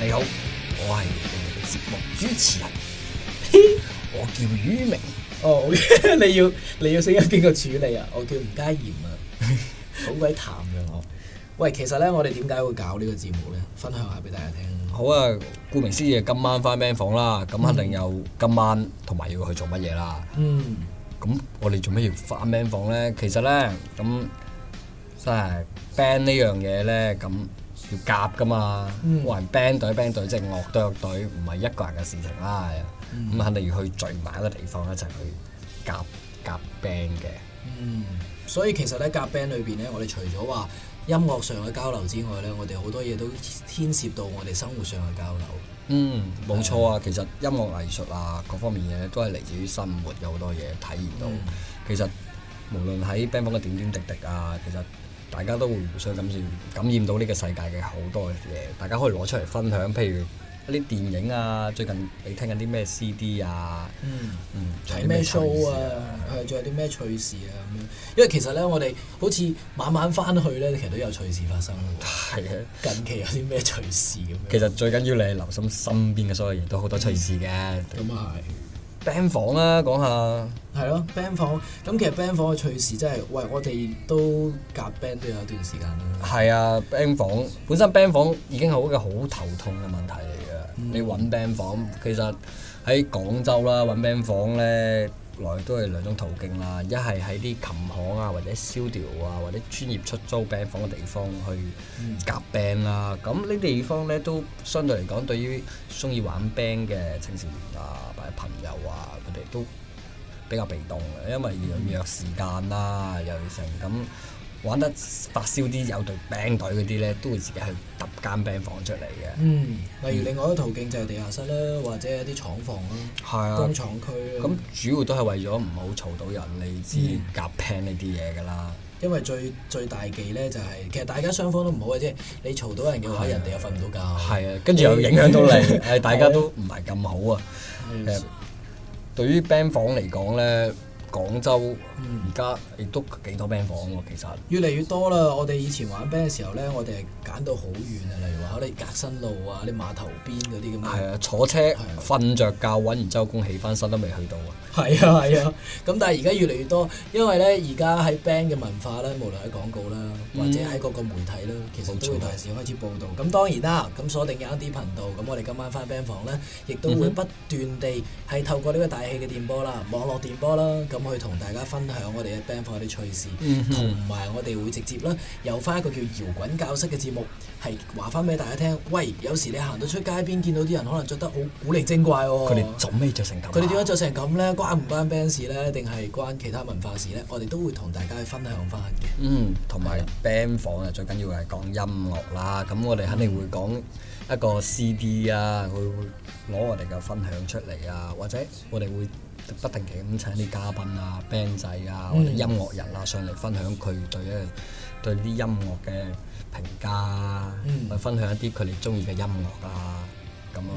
你好，我係我哋嘅節目主持人， 我叫宇明。哦、oh, okay. 你要你要識一邊個處理啊？我叫吳佳賢啊，好鬼 淡嘅我。 喂，其實咧，我哋點解會搞個節呢個節目咧？分享下俾大家聽。好啊，顧名思義，今晚翻 band 房啦，咁肯定有今晚同埋要去做乜嘢啦？Mm. 嗯。咁我哋做咩要翻 band 房咧？其實咧，咁真係 band 呢樣嘢咧，咁。要夾噶嘛，話、嗯、band 隊 band 隊即係、就是、樂隊樂隊，唔係一個人嘅事情啦，咁、嗯、肯定要去聚埋一個地方一齊、就是、去夾夾 band 嘅。嗯，所以其實咧夾 band 裏邊咧，我哋除咗話音樂上嘅交流之外咧，我哋好多嘢都牽涉到我哋生活上嘅交流。嗯，冇錯啊，的其實音樂藝術啊，各方面嘢都係嚟自於生活有好多嘢體驗到。嗯、其實無論喺 band 房嘅 點點滴滴啊，其實。大家都會互相感染，感染到呢個世界嘅好多嘢。大家可以攞出嚟分享，譬如一啲電影啊，最近你聽緊啲咩 CD 啊？嗯嗯，睇咩 show 啊？仲有啲咩趣事啊？咁樣、啊對啊，因為其實咧，我哋好似晚晚翻去咧，其實都有趣事發生。係啊的，近期有啲咩趣事咁、啊、樣？其實最緊要你留心身邊嘅所有嘢，都好多趣事嘅。咁啊係。對 band 房啦、啊，講下係咯，band 房咁，其實 band 房嘅趣事真、就、係、是，喂，我哋都夾 band 都有一段時間啦。係啊，band 房本身，band 房已經係一個好頭痛嘅問題嚟嘅。嗯、你揾 band 房其實喺廣州啦，揾 band 房咧。來都係兩種途徑啦，一係喺啲琴行啊，或者消掉啊，或者專業出租 band 房嘅地方去夾 band 啦。咁呢啲地方咧都相對嚟講，對於中意玩 band 嘅青少年啊，或者朋友啊，佢哋都比較被動嘅，因為要約時間啦，又要成咁。玩得發燒啲有對 band 隊嗰啲咧，都會自己去揼間 band 房出嚟嘅。嗯，例如另外一個途徑就係地下室啦，或者啲廠房啦，啊、工廠區啦。咁主要都係為咗唔好嘈到人，你先夾 band 呢啲嘢㗎啦。因為最最大忌咧就係、是，其實大家雙方都唔好嘅啫。你嘈到人嘅話，人哋又瞓唔到覺。係啊，啊，跟住又影響到你，係 大家都唔係咁好啊。誒、嗯，嗯、對於 band 房嚟講咧。廣州而家亦都幾多 band 房喎、啊，其實越嚟越多啦。我哋以前玩 band 嘅時候咧，我哋係揀到好遠啊，例如話我哋革新路啊、啲碼頭邊嗰啲咁啊。係啊，坐車瞓着的覺，揾完周公起翻身都未去到啊。係啊，係啊。咁 但係而家越嚟越多，因為咧而家喺 band 嘅文化咧，無論喺廣告啦，嗯、或者喺各個媒體啦，其實都會同時開始報道。咁錯當然啦，咁鎖定緊一啲頻道。咁我哋今晚翻 band 房咧，亦都會不斷地係透過呢個大氣嘅電波啦、網絡電波啦。咁去同大家分享我哋嘅 band 房啲趣事，同埋我哋會直接啦，有翻一個叫搖滾教室嘅節目，係話翻俾大家聽。喂，有時你行到出街邊，見到啲人可能着得好古靈精怪喎。佢哋做咩着成咁啊？佢哋點解着成咁咧？關唔關 band 事咧？定係關其他文化事咧？我哋都會同大家去分享翻嘅。嗯，同埋 band 房啊的，最緊要係講音樂啦。咁我哋肯定會講一個 CD 啊，會會攞我哋嘅分享出嚟啊，或者我哋會。不定期咁請啲嘉賓啊、band 仔啊或者、嗯、音樂人啊上嚟分享佢對呢對啲音樂嘅評價、啊、去、嗯、分享一啲佢哋中意嘅音樂啊咁咯。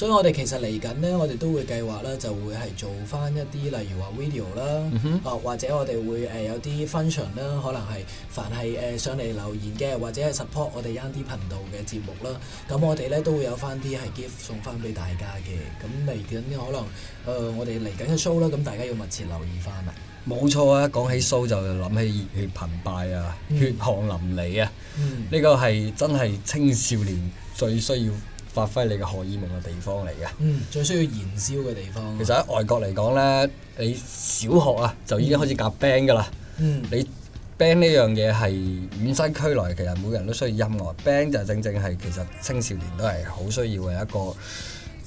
所以我哋其實嚟緊呢，我哋都會計劃咧，就會係做翻一啲，例如話 video 啦，啊、mm hmm. 或者我哋會誒、呃、有啲 function 啦，可能係凡係誒上嚟留言嘅，或者係 support 我哋啱啲頻道嘅節目啦。咁我哋咧都會有翻啲係 gift 送翻俾大家嘅。咁嚟緊可能誒、呃，我哋嚟緊嘅 show 啦，咁大家要密切留意翻啊！冇錯啊，講起 show 就諗起熱血澎湃啊，mm hmm. 血汗淋漓啊，呢、mm hmm. 個係真係青少年最需要。發揮你嘅荷爾蒙嘅地方嚟嘅、嗯，最需要燃燒嘅地方、啊。其實喺外國嚟講呢，你小學啊就已經開始夾 band 噶啦。嗯、你 band 呢樣嘢係與生俱來，其實每個人都需要音樂。band 就正正係其實青少年都係好需要嘅一個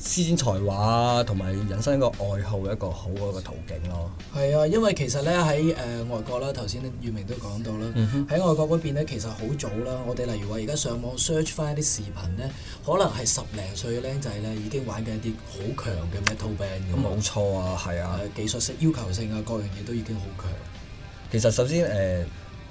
施展才華同埋引申一個愛好嘅一個好嘅途徑咯、啊。係啊， 因為其實咧喺誒外國啦，頭先宇明都講到啦，喺、嗯、哼外國嗰邊咧其實好早啦。我哋例如話而家上網 search 翻一啲視頻咧，可能係十零歲嘅僆仔咧已經玩緊一啲好強嘅 metal band 咁、嗯。冇錯啊，係啊，技術性、要求性啊，各樣嘢都已經好強、嗯。其實首先誒、呃，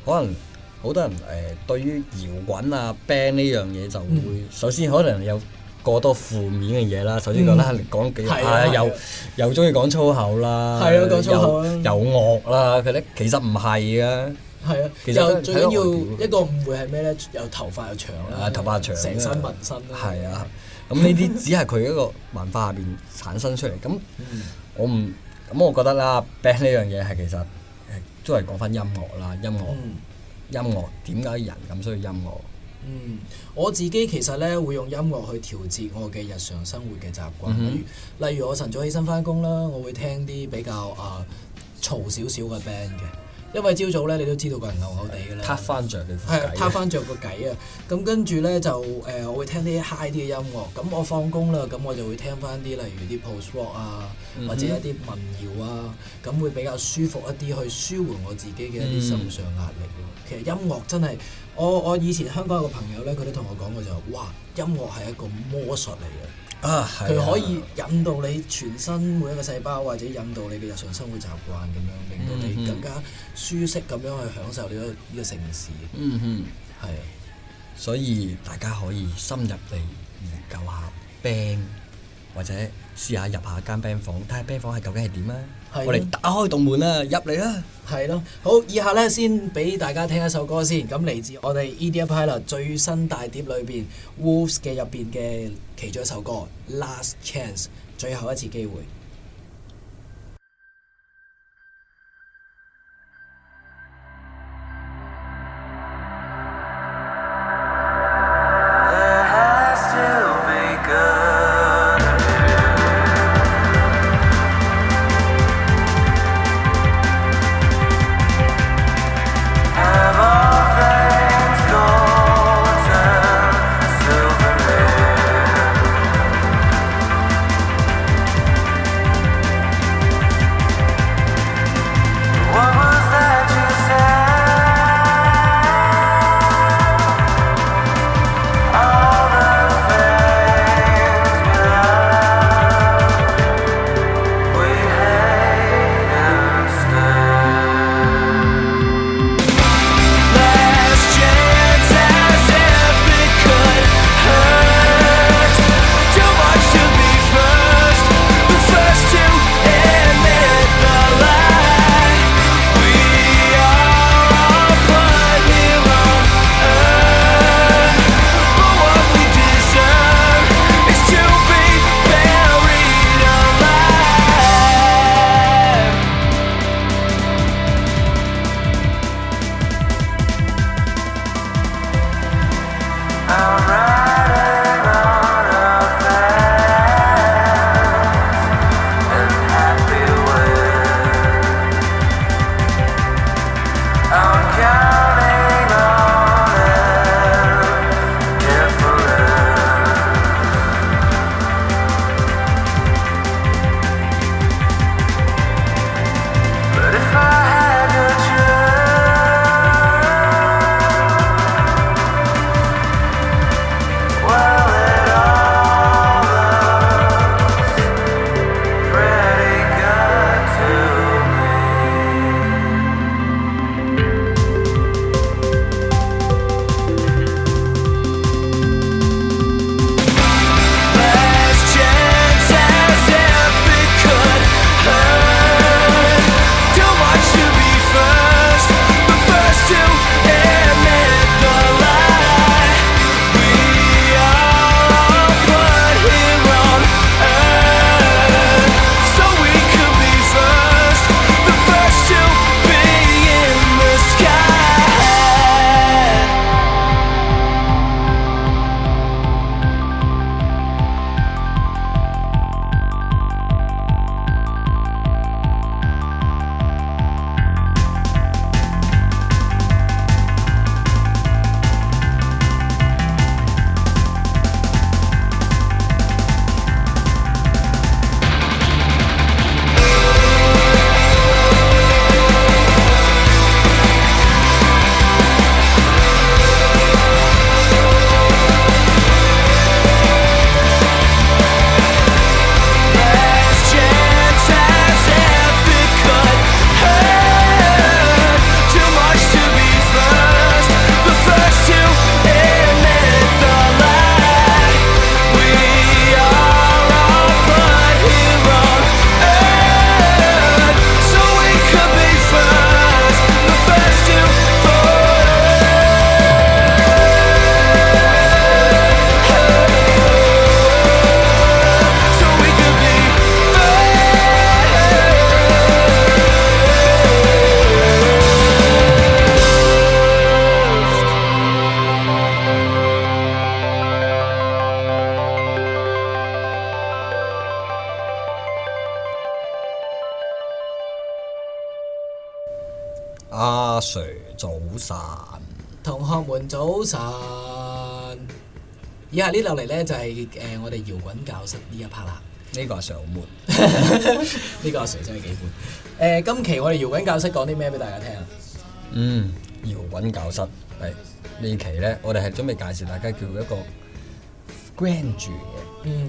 可能好多人誒、呃、對於搖滾啊 band 呢樣嘢就會、嗯、首先可能有過多負面嘅嘢啦，首先講啦，講幾下又又中意講粗口啦，粗口又又惡啦，佢啲其實唔係嘅。係啊，其實最緊要一個誤會係咩咧？又頭髮又長啦，頭髮長，成身紋身。係啊，咁呢啲只係佢一個文化下邊產生出嚟。咁我唔咁，我覺得啦，band 呢樣嘢係其實都係講翻音樂啦，音樂音樂點解人咁需要音樂？嗯，我自己其實咧會用音樂去調節我嘅日常生活嘅習慣、嗯哼例，例如我晨早起身翻工啦，我會聽啲比較啊嘈少少嘅 band 嘅，因為朝早咧，你都知道個人牛牛地嘅啦，攤翻着，你係啊，攤翻著個計啊，咁跟住咧就誒、呃，我會聽啲 high 啲嘅音樂，咁我放工啦，咁我就會聽翻啲例如啲 post rock 啊，或者一啲民謠啊，咁會比較舒服一啲，去舒緩我自己嘅一啲心上壓力咯、嗯嗯。其實音樂真係～我我以前香港有個朋友咧，佢都同我講過就是，哇！音樂係一個魔術嚟嘅，佢、啊、可以引導你全身每一個細胞，或者引導你嘅日常生活習慣咁樣，令到你更加舒適咁樣去享受呢個呢個城市。嗯嗯哼，係的。所以大家可以深入地研究下 band，或者試下入下間 band 房睇下 band 房係究竟係點啊！我哋打開洞門啦，入嚟啦，係咯。好，以下呢，先俾大家聽一首歌先。咁嚟自我哋 Idiot Pilot 最新大碟裏邊 Wolves 嘅入邊嘅其中一首歌《Last Chance》最後一次機會。落嚟咧就係、是、誒、呃、我哋搖滾教室呢一 part 啦。呢個上悶，呢 個上真係幾悶。誒、呃，今期我哋搖滾教室講啲咩俾大家聽啊？嗯，搖滾教室係呢期咧，我哋係準備介紹大家叫一個 grunge 嘅。Grunge 嗯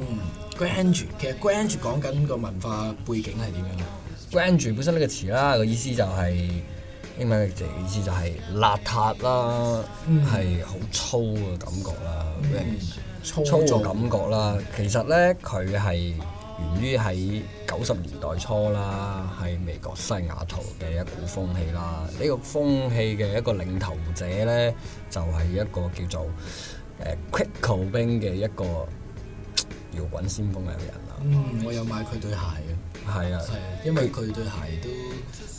grunge 其實 grunge 講緊個文化背景係點樣咧 grunge 本身呢個詞啦，個意思就係英文直意思就係邋遢啦，係好、嗯、粗嘅感覺啦。嗯操作感覺啦，其實呢，佢係源於喺九十年代初啦，喺美國西雅圖嘅一股風氣啦。呢、這個風氣嘅一個領頭者呢，就係、是、一個叫做誒、呃、Kurt Cobain 嘅一個搖滾先鋒嘅一個人啦。嗯，我有買佢對鞋、啊。係啊，係啊，的因為佢對鞋都，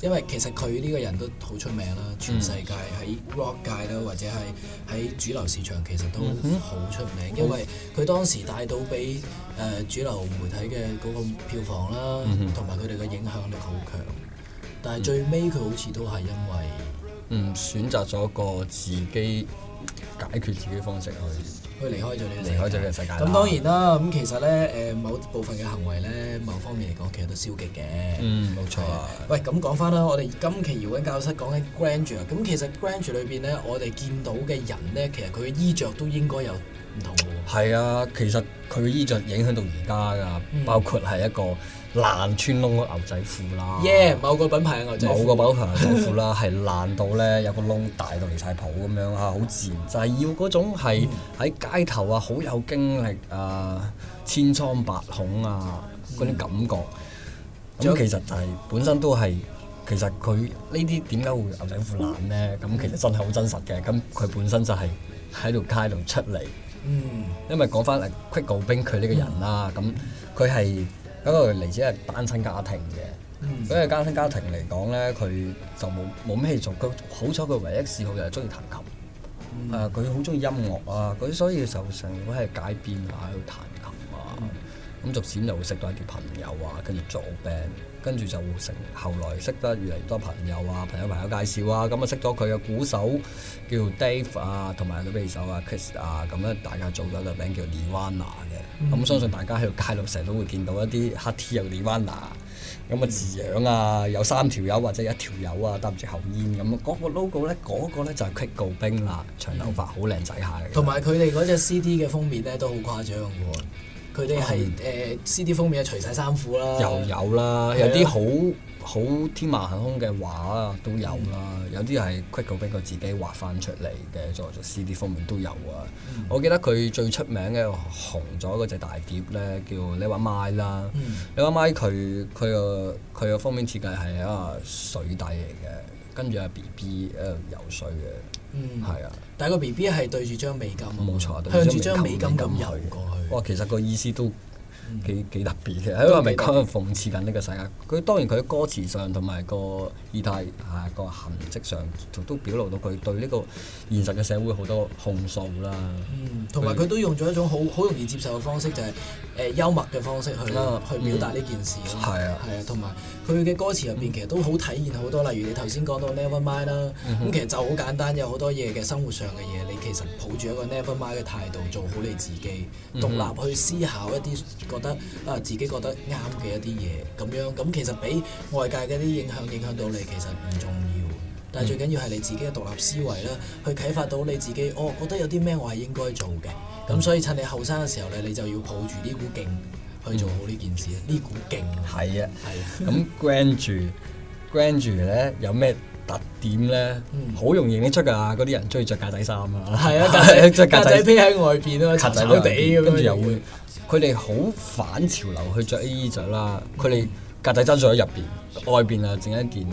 因為其實佢呢個人都好出名啦，嗯、全世界喺 rock 界啦，或者係喺主流市場其實都好出名，嗯、哼因為佢當時帶到俾誒、呃、主流媒體嘅個票房啦，同埋佢哋嘅影響力好強，但係最尾佢好似都係因為唔、嗯、選擇咗個自己解決自己方式去。佢離開咗你，離開咗你嘅世界，咁當然啦。咁、嗯、其實咧，誒某部分嘅行為咧，某方面嚟講，其實都消極嘅。嗯，冇的錯啊。喂，咁講翻啦，我哋今期搖滾教室講緊 grandeur。咁其實 grandeur 裏邊咧，我哋見到嘅人咧，其實佢嘅衣着都應該有。唔同喎，係 啊，其實佢嘅衣着影響到而家噶，嗯、包括係一個爛穿窿嘅牛仔褲啦。Yeah, 某個品牌嘅牛仔褲，某個品牌嘅牛仔褲啦，係 爛到咧有個窿大到嚟晒蒲咁樣啊，好自然。就係、是、要嗰種係喺街頭啊，好有經歷啊，千瘡百孔啊，嗰啲、嗯、感覺。咁、嗯、其實就係本身都係，其實佢呢啲點解會牛仔褲爛呢？咁其實真係好真實嘅。咁佢本身就係喺條街度出嚟。嗯，因為講翻誒 Quick 兵佢呢個人啦，咁佢係嗰個嚟自係單親家庭嘅，咁、嗯、單親家庭嚟講咧，佢就冇冇咩做，佢好彩佢唯一嗜好就係中意彈琴，誒佢好中意音樂啊，佢、嗯、所以就成日會喺街邊啊喺度彈琴啊，咁逐漸又會識到一啲朋友啊，跟住做 band。跟住就成，後來識得越嚟越多朋友啊，朋友朋友介紹啊，咁啊識咗佢嘅鼓手叫 Dave 啊，同埋嘅貝司手啊 Chris 啊，咁咧大家做咗個名叫 Nirvana 嘅。咁、嗯、相信大家喺條街度成日都會見到一啲黑 T 有 Nirvana。咁啊字樣啊、嗯、有三條友或者一條友啊，搭住口煙咁。嗰、那個 logo 咧，嗰、那個咧就係 Kurt Cobain 啦，長頭髮，好靚、嗯、仔下嘅。同埋佢哋嗰隻 CD 嘅封面咧都好誇張嘅。佢哋係誒 CD 封面啊，除晒衫褲啦，又有啦，的有啲好好天馬行空嘅畫啊，都有啦，嗯、有啲係 Kurt Cobain 俾佢自己畫翻出嚟嘅，在做，做 CD 封面都有啊。嗯、我記得佢最出名嘅紅咗嗰隻大碟咧，叫《Nevermind》啦，嗯，《Nevermind》佢佢個佢個封面設計係一個水底嚟嘅，跟住啊 BB 啊游水嘅。嗯，係啊，但係個 B B 係對住張美金，冇錯，向住張美金咁游過去。哇，其實個意思都～幾幾特別嘅，喺個名歌諷刺緊呢個世界。佢當然佢喺歌詞上同埋個意態啊個痕跡上，都表露到佢對呢個現實嘅社會好多控訴啦。同埋佢都用咗一種好好容易接受嘅方式，就係、是、誒、呃、幽默嘅方式去啦，啊嗯、去表達呢件事咯。啊，係啊，同埋佢嘅歌詞入邊其實都好體現好多，嗯、例如你頭先講到 Never Mind 啦、嗯哼，咁其實就好簡單，有好多嘢嘅生活上嘅嘢，你其實抱住一個 Never Mind 嘅態度，做好你自己，獨立去思考一啲。覺得啊，自己覺得啱嘅一啲嘢，咁樣，咁其實畀外界嗰啲影響影響到你，其實唔重要。但係最緊要係你自己嘅獨立思維啦，去啟發到你自己。哦，覺得有啲咩我係應該做嘅。咁所以趁你後生嘅時候咧，你就要抱住呢股勁去做好呢件事。呢、嗯、股勁係啊，係啊的。咁關注關注咧，有咩？特點咧，好容易認得出噶，嗰啲人中意着格仔衫啊，係啊，但係着格仔披喺外邊啊，開地咁樣，跟住又會，佢哋好反潮流去着啲衣著啦，佢哋格仔衫著喺入邊，外邊啊整一件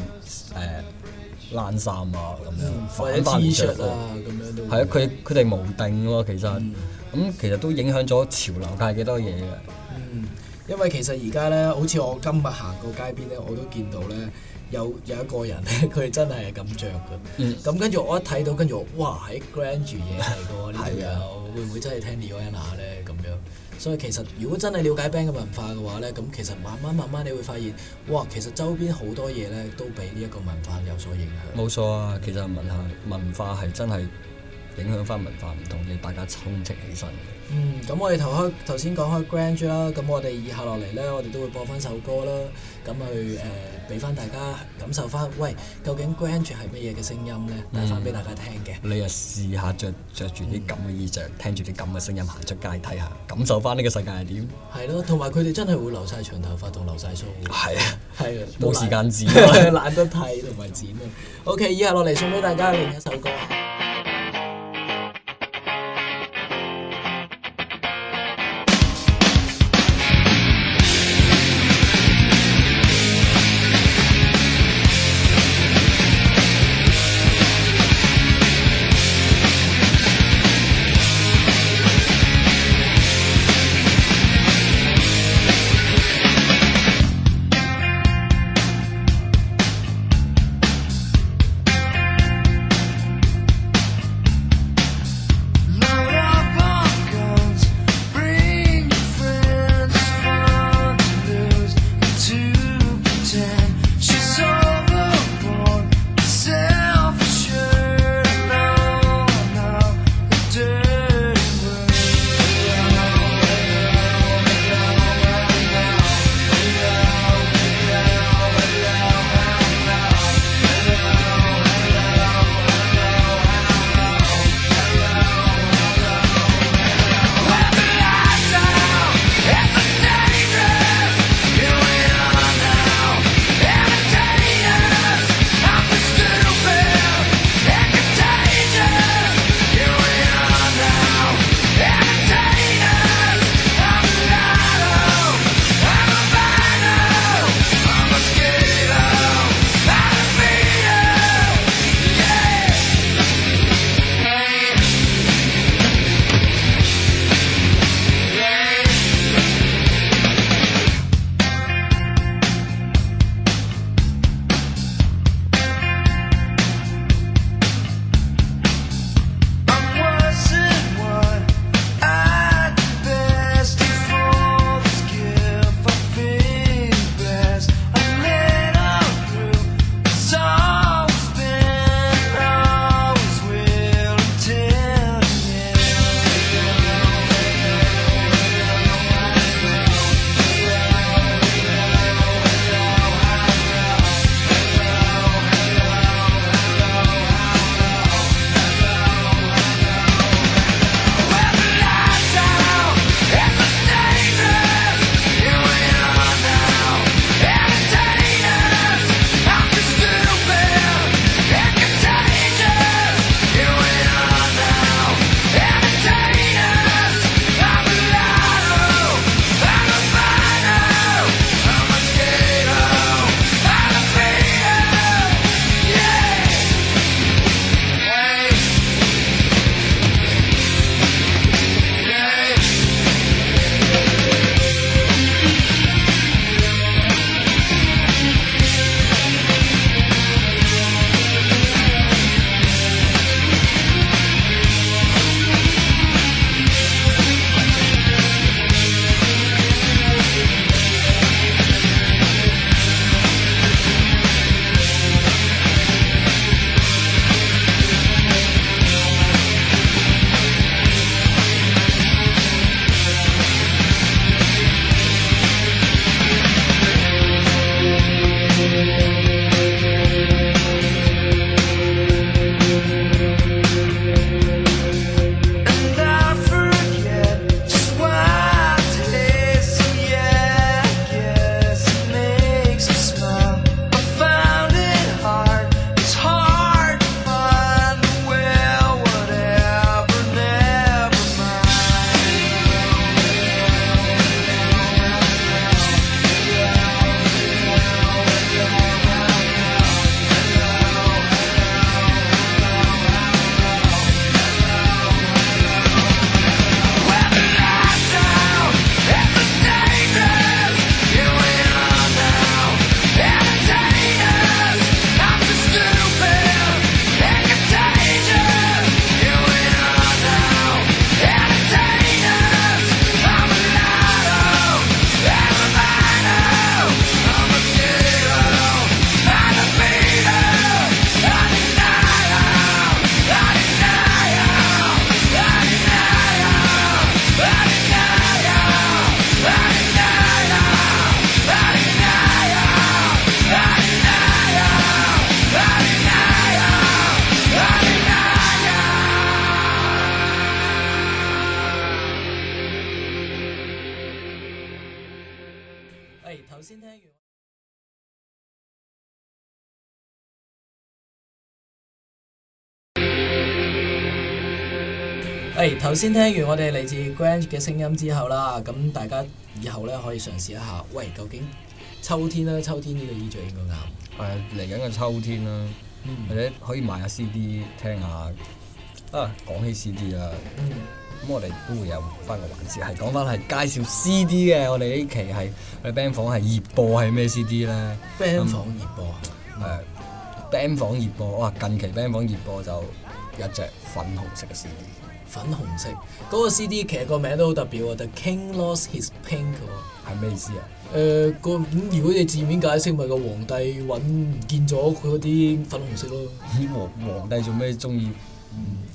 誒爛衫啊咁樣，或者 T 恤啊咁樣都係啊。佢佢哋無定喎，其實咁其實都影響咗潮流界幾多嘢嘅，因為其實而家咧，好似我今日行過街邊咧，我都見到咧。有有一個人咧，佢真係咁着嘅。咁、嗯、跟住我一睇到，跟住我哇，喺 g r a n d e r 嘢嚟嘅喎。係啊 的，會唔會真係聽 Leon 啊咧？咁樣，所以其實如果真係了解 band 嘅文化嘅話咧，咁其實慢慢慢慢，你會發現，哇，其實周邊好多嘢咧，都俾呢一個文化有所影響。冇錯啊，吧其實問下文化文化係真係影響翻文化唔同嘅，大家湧積起身，嗯，咁我哋頭開頭先講開 g r a n d e r 啦，咁我哋以下落嚟咧，我哋都會播翻首歌啦，咁去誒。呃俾翻大家感受翻，喂，究竟 Grunge 係乜嘢嘅聲音咧？帶翻俾大家聽嘅、嗯。你又試下着着住啲咁嘅衣着，嗯、聽住啲咁嘅聲音行出街睇下，感受翻呢個世界係點？係咯，同埋佢哋真係會留晒長頭髮同留晒須。係啊的，係啊，冇時間剪， 懶得剃同埋剪啊。OK，以下落嚟送俾大家另一首歌。首先聽完我哋嚟自 Grant 嘅聲音之後啦，咁大家以後咧可以嘗試一下。喂，究竟秋天啦，秋天呢個衣著應該啱。誒，嚟緊嘅秋天啦，或者、嗯、可以買下 CD 聽下。啊，講起 CD 啊，咁、嗯、我哋都會有翻個環節，係講翻係介紹 CD 嘅、嗯。我哋呢期係我哋 band 房係熱播係咩 CD 咧？band、嗯、房熱播，誒，band 房熱播哇！近期 band 房熱播就一隻粉紅色嘅 CD。粉紅色嗰、那個 CD 其實個名都好特別喎，就 King Lost His Pink 喎。係咩意思啊？誒、呃，個咁如果你字面解釋咪、就是、個皇帝揾唔見咗佢嗰啲粉紅色咯。咦、嗯，皇帝做咩中意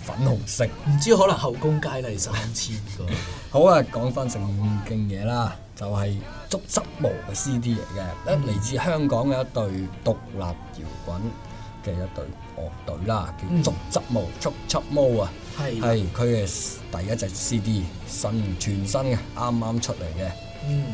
粉紅色？唔知可能後宮佳麗三千個。 好啊，講翻成件嘢啦，就係、是、竹汁毛嘅 CD 嚟嘅，嚟、嗯、自香港嘅一隊獨立搖滾嘅一隊樂隊啦，叫竹汁毛、嗯、竹汁毛啊。係，係佢嘅第一隻 CD，新全新嘅，啱啱出嚟嘅。嗯，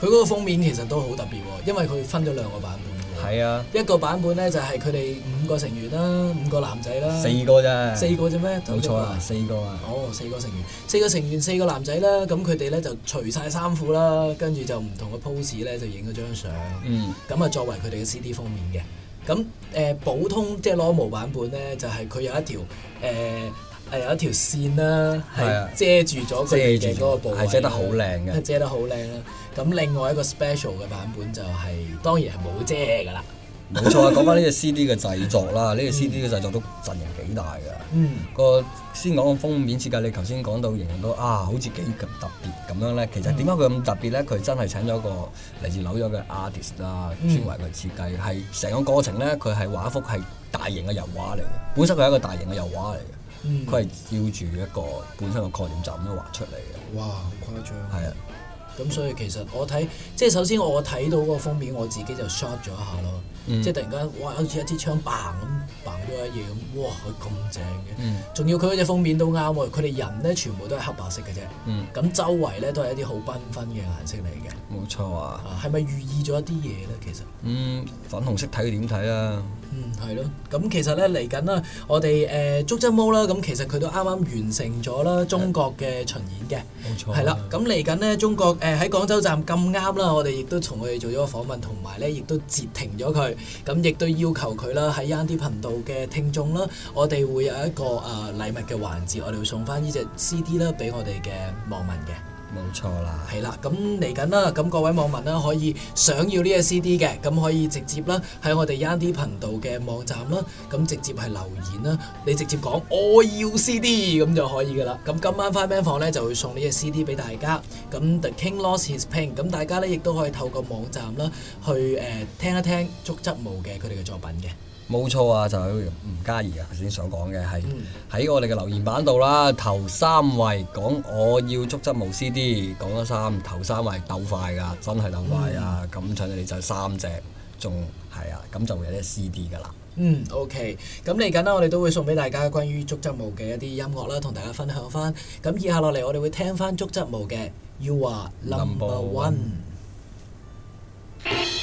佢嗰個封面其實都好特別喎，因為佢分咗兩個版本。係啊。一個版本咧就係佢哋五個成員啦，五個男仔啦。四個啫。四個啫咩？冇錯啊，四個啊。哦，四個成員，四個成員，四個男仔啦。咁佢哋咧就除晒衫褲啦，跟住就唔同嘅 pose 咧就影咗張相、嗯。嗯。咁啊，作為佢哋嘅 CD 封面嘅。咁誒，普通即係 normal 版本咧，就係佢有一條誒。嗯嗯嗯嗯嗯嗯嗯嗯係有一條線啦、啊，係遮住咗佢嘅嗰個部位，遮得好靚嘅，遮得好靚啦。咁另外一個 special 嘅版本就係、是、當然係冇遮噶啦。冇錯啊，講翻呢隻 CD 嘅製作啦，呢隻 CD 嘅製作都陣容幾大㗎。嗯，嗯，個先講封面設計，你頭先講到形容到啊，好似幾咁特別咁樣咧。其實點解佢咁特別咧？佢真係請咗一個嚟自紐約嘅 artist 啦，專為佢設計，係成個過程咧，佢係畫一幅係大型嘅油畫嚟嘅，本身佢係一個大型嘅油畫嚟嘅。嗯。佢係照住一個本身個概念就咁樣畫出嚟嘅。哇，好誇張！係啊，咁所以其實我睇，即係首先我睇到個封面，我自己就 shock 咗一下咯。嗯、即係突然間，哇，好似一支槍 bang 咁 bang 咗一嘢咁，哇，佢咁正嘅，仲要佢嗰隻封面都啱喎。佢哋人咧全部都係黑白色嘅啫。咁、嗯、周圍咧都係一啲好繽紛嘅顏色嚟嘅。冇錯啊。啊，係咪寓意咗一啲嘢咧？其實，嗯，粉紅色睇點睇啊？嗯，係咯，咁、嗯、其實咧嚟緊啦，我哋誒竹質毛啦，咁、呃、其實佢都啱啱完成咗啦中國嘅巡演嘅，冇錯、啊，係啦，咁嚟緊呢，中國誒喺、呃、廣州站咁啱啦，我哋亦都同佢哋做咗個訪問，同埋咧亦都截停咗佢，咁亦都要求佢啦喺 RND 頻道嘅聽眾啦，我哋會有一個誒禮物嘅環節，我哋會送翻呢隻 CD 啦俾我哋嘅網民嘅。冇錯啦，係啦，咁嚟緊啦，咁各位網民啦可以想要呢隻 CD 嘅，咁可以直接啦喺我哋 YanD 頻道嘅網站啦，咁直接係留言啦，你直接講我要 CD 咁就可以噶啦，咁今晚翻 Band 房咧就會送呢隻 CD 俾大家，咁 The King Lost His Pain，咁大家咧亦都可以透過網站啦去誒、呃、聽一聽竹質毛嘅佢哋嘅作品嘅。冇錯啊，就係吳嘉怡啊，頭先所講嘅，係喺、嗯、我哋嘅留言板度啦。頭三位講我要觸執毛 CD，講咗三，頭三位鬥快噶，真係鬥快、嗯、啊！咁上嚟就三隻，仲係啊，咁就會有啲 CD 噶啦。嗯，OK。咁嚟緊啦，我哋都會送俾大家關於觸執毛嘅一啲音樂啦，同大家分享翻。咁以下落嚟，我哋會聽翻觸執毛嘅 You Are Number One。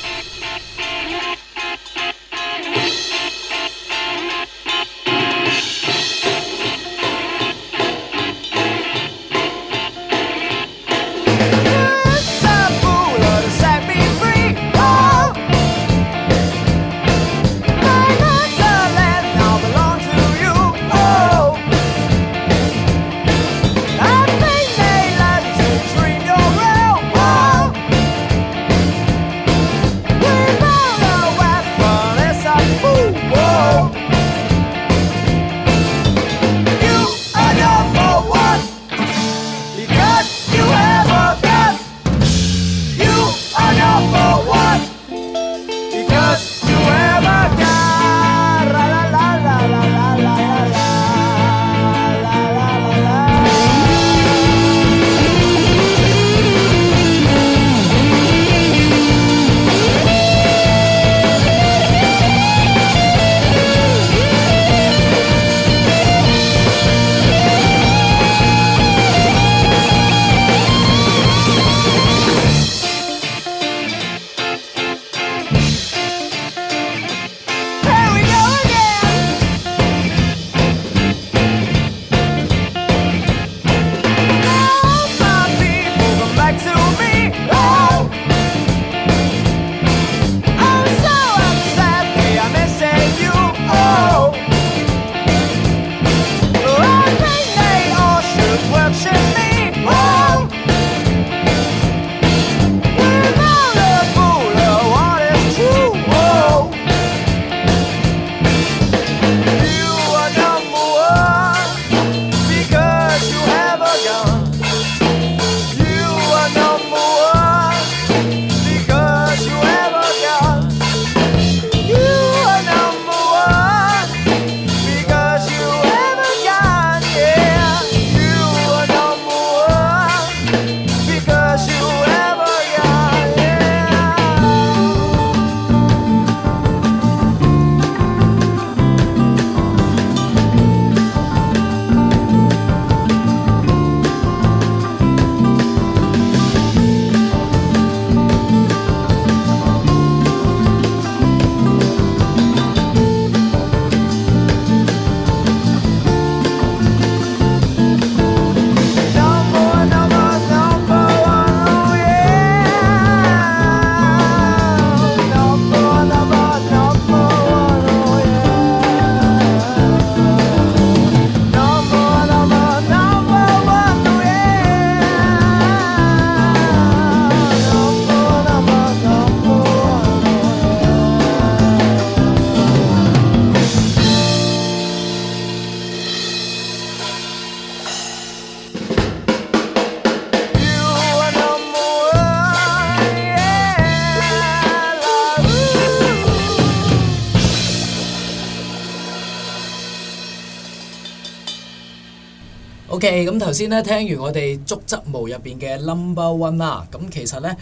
OK，咁頭先咧聽完我哋竹質無入邊嘅 Number One 啦，咁其實咧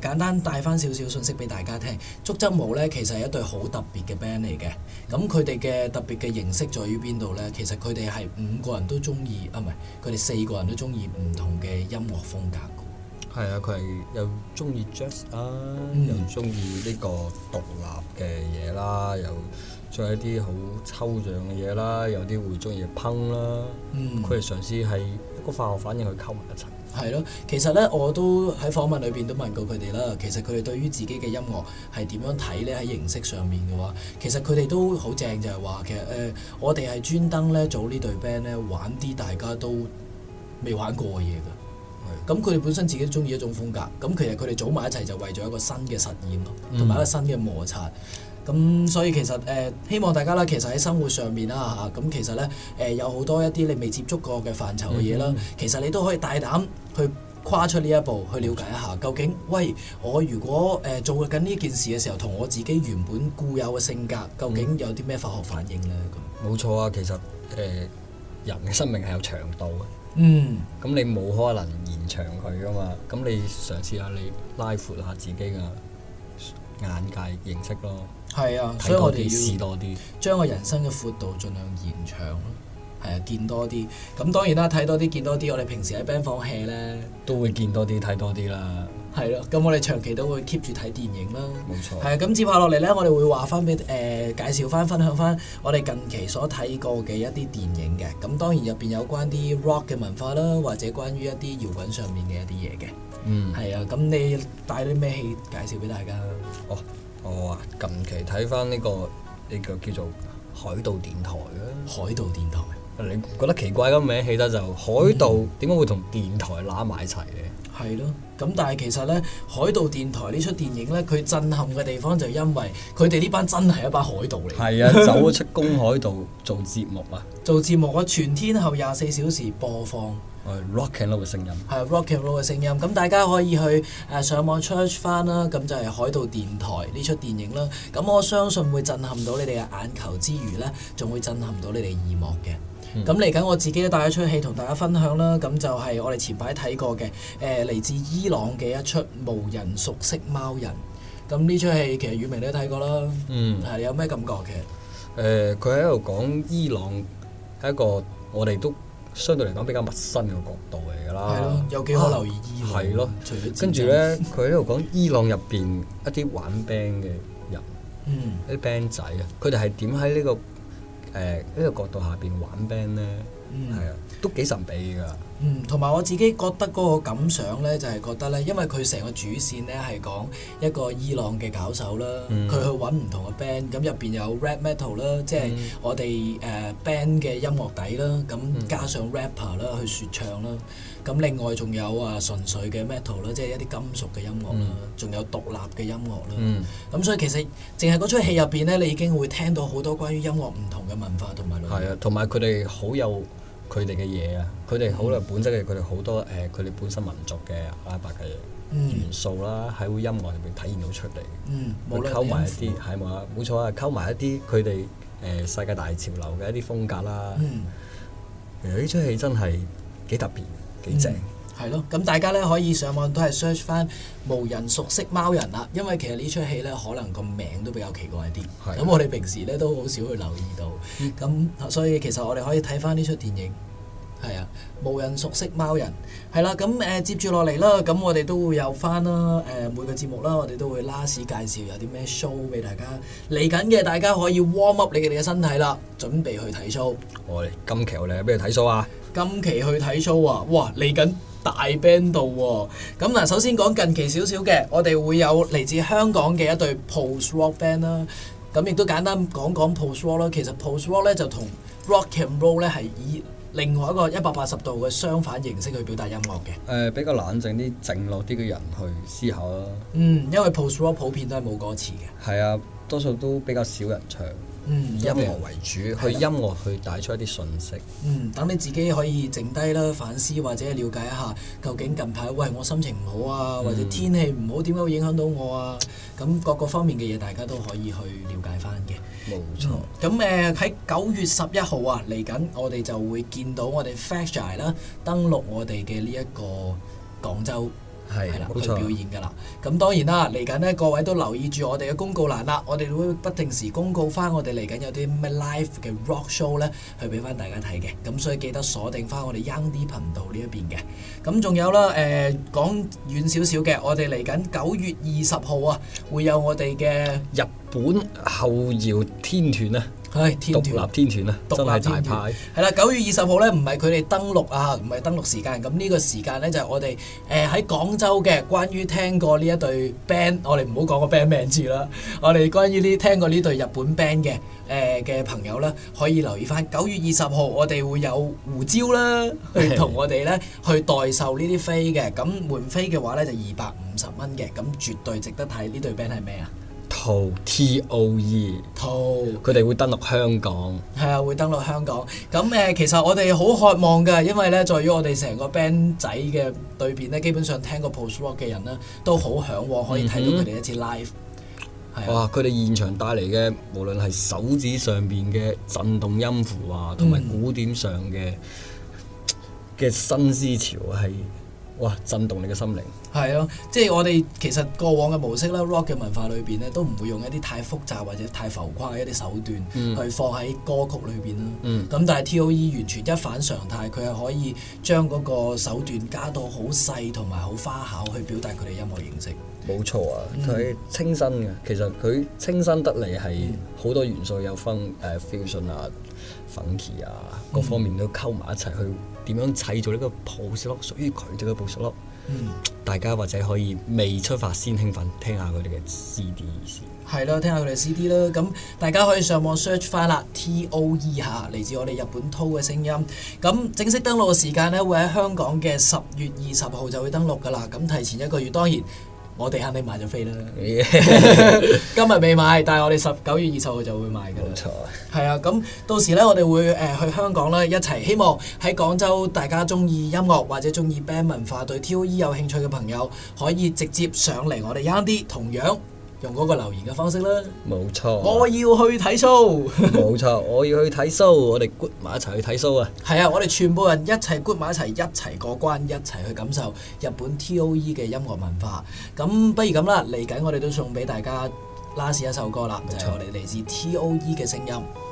誒簡單帶翻少少信息俾大家聽。竹質無咧其實係一隊好特別嘅 band 嚟嘅。咁佢哋嘅特別嘅形式在於邊度咧？其實佢哋係五個人都中意，啊唔係佢哋四個人都中意唔同嘅音樂風格嘅。係啊，佢係又中意 jazz 啦，又中意呢個獨立嘅嘢啦，又。仲有啲好抽象嘅嘢啦，有啲會中意烹啦，佢哋、嗯、嘗試係一個化學反應去溝埋一齊。係咯，其實咧，我都喺訪問裏邊都問過佢哋啦。其實佢哋對於自己嘅音樂係點樣睇咧？喺形式上面嘅話，其實佢哋都好正，就係、是、話其實誒、呃，我哋係專登咧組呢隊 band 咧，玩啲大家都未玩過嘅嘢㗎。咁佢哋本身自己都中意一種風格，咁其實佢哋組埋一齊就為咗一個新嘅實驗咯，同埋一個新嘅摩擦。嗯。咁所以其實誒、呃、希望大家啦，其實喺生活上面啦嚇，咁、啊、其實咧誒、呃、有好多一啲你未接觸過嘅範疇嘅嘢啦，嗯、其實你都可以大膽去跨出呢一步，去了解一下究竟，喂，我如果誒、呃、做緊呢件事嘅時候，同我自己原本固有嘅性格，究竟有啲咩化學反應呢？咁冇、嗯、錯啊，其實誒、呃、人嘅生命係有長度嘅。嗯。咁你冇可能延長佢噶嘛？咁你嘗試下你拉闊下自己嘅眼界認識咯。係啊，所以我哋要試多啲，將我人生嘅闊度盡量延長咯。係啊，見多啲。咁當然啦，睇多啲，見多啲。我哋平時喺 band 房 hea 咧，都會見多啲，睇多啲啦。係咯，啊，咁我哋長期都會 keep 住睇電影啦。冇錯。係啊，咁接下落嚟咧，我哋會話翻俾誒，介紹翻、分享翻我哋近期所睇過嘅一啲電影嘅。咁當然入邊有關啲 rock 嘅文化啦，或者關於一啲搖滾上面嘅一啲嘢嘅。嗯。係啊，咁你帶啲咩戲介紹俾大家？哦。Oh. 我啊、哦，近期睇翻呢個，呢、呢個叫做《海盜電台》啦，《海盜電台》，你覺得奇怪嘅名起得就海盜點解會同電台攬埋一齊咧？係咯，咁但係其實呢，《海盜電台》呢出電影呢，佢震撼嘅地方就因為佢哋呢班真係一班海盜嚟。係啊，走咗出公海度做節目啊！ 做節目啊，全天候廿四小時播放。rock and roll 嘅聲音，係 rock 嘅聲音。咁大家可以去誒、呃、上網 search 翻啦，咁就係、是《海盜電台》呢出電影啦。咁我相信會震撼到你哋嘅眼球之餘呢，仲會震撼到你哋耳膜嘅。咁嚟緊我自己都帶一出戲同大家分享啦。咁就係我哋前排睇過嘅誒嚟自伊朗嘅一出《無人熟悉貓人》。咁呢出戲其實宇明都睇過啦。嗯，係，你有咩感覺？誒、呃，佢喺度講伊朗係一個我哋都相對嚟講比較陌生嘅角度嚟㗎啦、嗯，有幾可留意伊朗。係咯，跟住咧，佢喺度講伊朗入邊、啊、一啲玩 band 嘅人， 一啲 band 仔啊，佢哋係點喺呢個誒呢、呃呢個角度下邊玩 band 咧？係啊、嗯，都幾神秘㗎。嗯，同埋我自己覺得嗰個感想咧，就係、是、覺得咧，因為佢成個主線咧係講一個伊朗嘅搞手啦，佢、嗯、去揾唔同嘅 band，咁入邊有 rap metal 啦，即係我哋誒、呃、band 嘅音樂底啦，咁加上 rapper 啦、嗯、去説唱啦，咁另外仲有啊純粹嘅 metal 啦，即係一啲金屬嘅音樂啦，仲、嗯、有獨立嘅音樂啦。咁、嗯嗯、所以其實淨係嗰出戲入邊咧，你已經會聽到好多關於音樂唔同嘅文化同埋類型。係啊，同埋佢哋好有。佢哋嘅嘢啊，佢哋好耐本質嘅，佢哋好多誒，佢哋本身民族嘅阿拉伯嘅元素啦，喺會、嗯、音樂入邊體現到出嚟，嗯，冇會溝埋一啲係嘛？冇錯、嗯、嗎啊，溝埋一啲佢哋誒世界大潮流嘅一啲風格啦。嗯，誒呢出戲真係幾特別幾正、嗯。嗯。係咯，咁大家咧可以上網都係 search 翻《無人熟悉貓人》啦，因為其實呢出戲咧可能個名都比較奇怪啲，咁、呃、我哋平時咧都好少去留意到，咁所以其實我哋可以睇翻呢出電影，係啊，《無人熟悉貓人》係啦，咁誒接住落嚟啦，咁我哋都會有翻啦，誒、呃、每個節目啦，我哋都會 last 介紹有啲咩 show 俾大家嚟緊嘅，大家可以 warm up 你哋嘅身體啦，準備去睇 show。我哋今期我哋去邊度睇 show 啊？今期去睇 show 啊？哇，嚟緊！大 band 度、哦、喎，咁嗱首先講近期少少嘅，我哋會有嚟自香港嘅一對 post rock band 啦、啊。咁、嗯、亦都簡單講講 post rock 啦。其實 post rock 咧就同 rock and roll 咧係以另外一個一百八十度嘅相反形式去表達音樂嘅。誒、呃，比較冷靜啲、靜落啲嘅人去思考咯。嗯，因為 post rock 普遍都係冇歌詞嘅。係啊、嗯，多數都比較少人唱。嗯，音樂為，為主，嗯、去音樂去帶出一啲信息。嗯，等你自己可以靜低啦，反思或者瞭解一下，究竟近排喂我心情唔好啊，或者天氣唔好，點解會影響到我啊？咁、嗯、各個方面嘅嘢，大家都可以去了解翻嘅。冇錯。咁誒喺九月十一號啊，嚟緊我哋就會見到我哋 Flashlight 啦，登陸我哋嘅呢一個廣州。係啦，錯去表演噶啦。咁當然啦，嚟緊呢，各位都留意住我哋嘅公告欄啦。我哋會不定時公告翻我哋嚟緊有啲咩 live 嘅 rock show 呢，去俾翻大家睇嘅。咁所以記得鎖定翻我哋 Young D 頻道呢、呃、一邊嘅。咁仲有啦，誒講遠少少嘅，我哋嚟緊九月二十號啊，會有我哋嘅日本後搖天團啊！哎、天團獨立天團啊，真係大牌。係啦，九月二十號咧，唔係佢哋登陸啊，唔係登陸時間。咁呢個時間咧，就係、是、我哋誒喺廣州嘅關於聽過呢一對 band，我哋唔好講個 band 名字啦。我哋關於呢聽過呢對日本 band 嘅誒嘅朋友咧，可以留意翻。九月二十號我哋會有胡椒啦，去同的我哋咧去代售呢啲飛嘅。咁門飛嘅話咧就二百五十蚊嘅，咁絕對值得睇。呢對 band 係咩啊？T O E，佢哋會登陸香港，係啊，會登陸香港。咁誒，其實我哋好渴望嘅，因為咧，在於我哋成個 band 仔嘅對邊咧，基本上聽過 Post Rock 嘅人咧，都好向往可以睇到佢哋一次 live、嗯。係啊，佢哋現場帶嚟嘅，無論係手指上邊嘅震動音符啊，同埋古典上嘅嘅、嗯、新思潮，係哇，震動你嘅心靈。係咯、啊，即係我哋其實過往嘅模式啦，rock 嘅文化裏邊咧，都唔會用一啲太複雜或者太浮誇嘅一啲手段、嗯、去放喺歌曲裏邊啦。咁、嗯、但係 T.O.E 完全一反常態，佢係可以將嗰個手段加到好細同埋好花巧去表達佢哋音樂形式。冇錯啊，佢清新嘅，嗯、其實佢清新得嚟係好多元素有分誒 fusion 啊、funky 啊、嗯、各方面都溝埋一齊去點樣砌造呢個 post rock 屬於佢哋嘅 post rock 咯。嗯，大家或者可以未出發先興奮，聽下佢哋嘅 CD 意思。係咯，聽下佢哋 CD 咯。咁大家可以上網 search 翻啦，TOE 吓，嚟自我哋日本濤嘅聲音。咁正式登錄嘅時間咧，會喺香港嘅十月二十號就會登錄噶啦。咁提前一個月，當然。我哋肯定買咗飛啦， 今日未買，但係我哋十九月二十號就會買㗎啦。冇錯，係啊，咁到時呢，我哋會誒、呃、去香港啦。一齊，希望喺廣州大家中意音樂或者中意 band 文化，對 T.O.E 有興趣嘅朋友可以直接上嚟我哋啱啲，同樣。用嗰個留言嘅方式啦，冇錯， 錯。我要去睇 show，冇錯，我要去睇 show，我哋 group 埋一齊去睇 show 啊！係啊，我哋全部人一齊 group 埋一齊，一齊過關，一齊去感受日本 T O E 嘅音樂文化。咁不如咁啦，嚟緊我哋都送俾大家 last 一首歌啦，冇錯，就係我哋嚟自 T O E 嘅聲音。